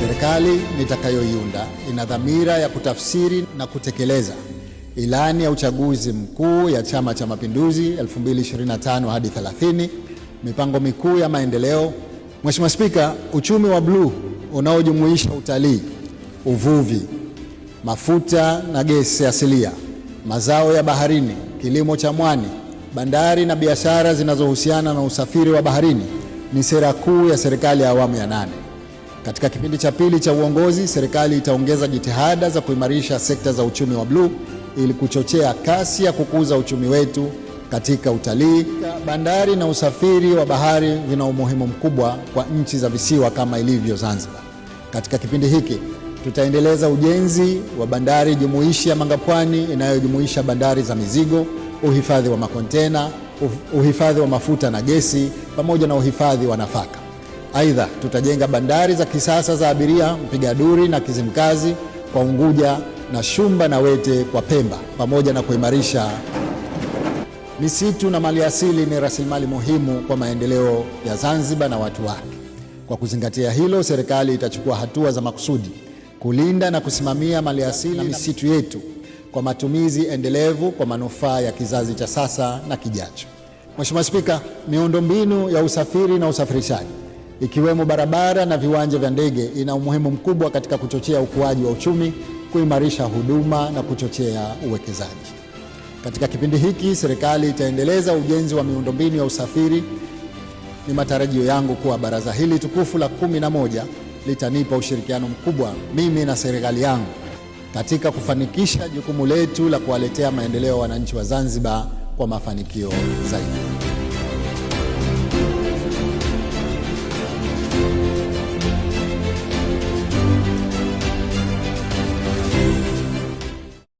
Serikali nitakayoiunda ina dhamira ya kutafsiri na kutekeleza ilani ya uchaguzi mkuu ya Chama cha Mapinduzi 2025 hadi 30, mipango mikuu ya maendeleo. Mheshimiwa Spika, uchumi wa bluu unaojumuisha utalii, uvuvi, mafuta na gesi asilia, mazao ya baharini, kilimo cha mwani, bandari na biashara zinazohusiana na usafiri wa baharini ni sera kuu ya serikali ya awamu ya nane. Katika kipindi cha pili cha uongozi, serikali itaongeza jitihada za kuimarisha sekta za uchumi wa bluu ili kuchochea kasi ya kukuza uchumi wetu katika utalii, bandari na usafiri wa bahari vina umuhimu mkubwa kwa nchi za visiwa kama ilivyo Zanzibar. Katika kipindi hiki tutaendeleza ujenzi wa bandari jumuishi ya Mangapwani inayojumuisha bandari za mizigo, uhifadhi wa makontena, uh-, uhifadhi wa mafuta na gesi pamoja na uhifadhi wa nafaka. Aidha, tutajenga bandari za kisasa za abiria Mpigaduri na Kizimkazi kwa Unguja na Shumba na Wete kwa Pemba, pamoja na kuimarisha misitu na maliasili. Ni rasilimali muhimu kwa maendeleo ya Zanzibar na watu wake. Kwa kuzingatia hilo, serikali itachukua hatua za makusudi kulinda na kusimamia maliasili na misitu yetu kwa matumizi endelevu kwa manufaa ya kizazi cha sasa na kijacho. Mheshimiwa Spika, miundombinu ya usafiri na usafirishaji ikiwemo barabara na viwanja vya ndege, ina umuhimu mkubwa katika kuchochea ukuaji wa uchumi, kuimarisha huduma na kuchochea uwekezaji. Katika kipindi hiki, serikali itaendeleza ujenzi wa miundombinu ya usafiri. Ni matarajio yangu kuwa baraza hili tukufu la kumi na moja litanipa ushirikiano mkubwa mimi na serikali yangu katika kufanikisha jukumu letu la kuwaletea maendeleo ya wananchi wa Zanzibar kwa mafanikio zaidi.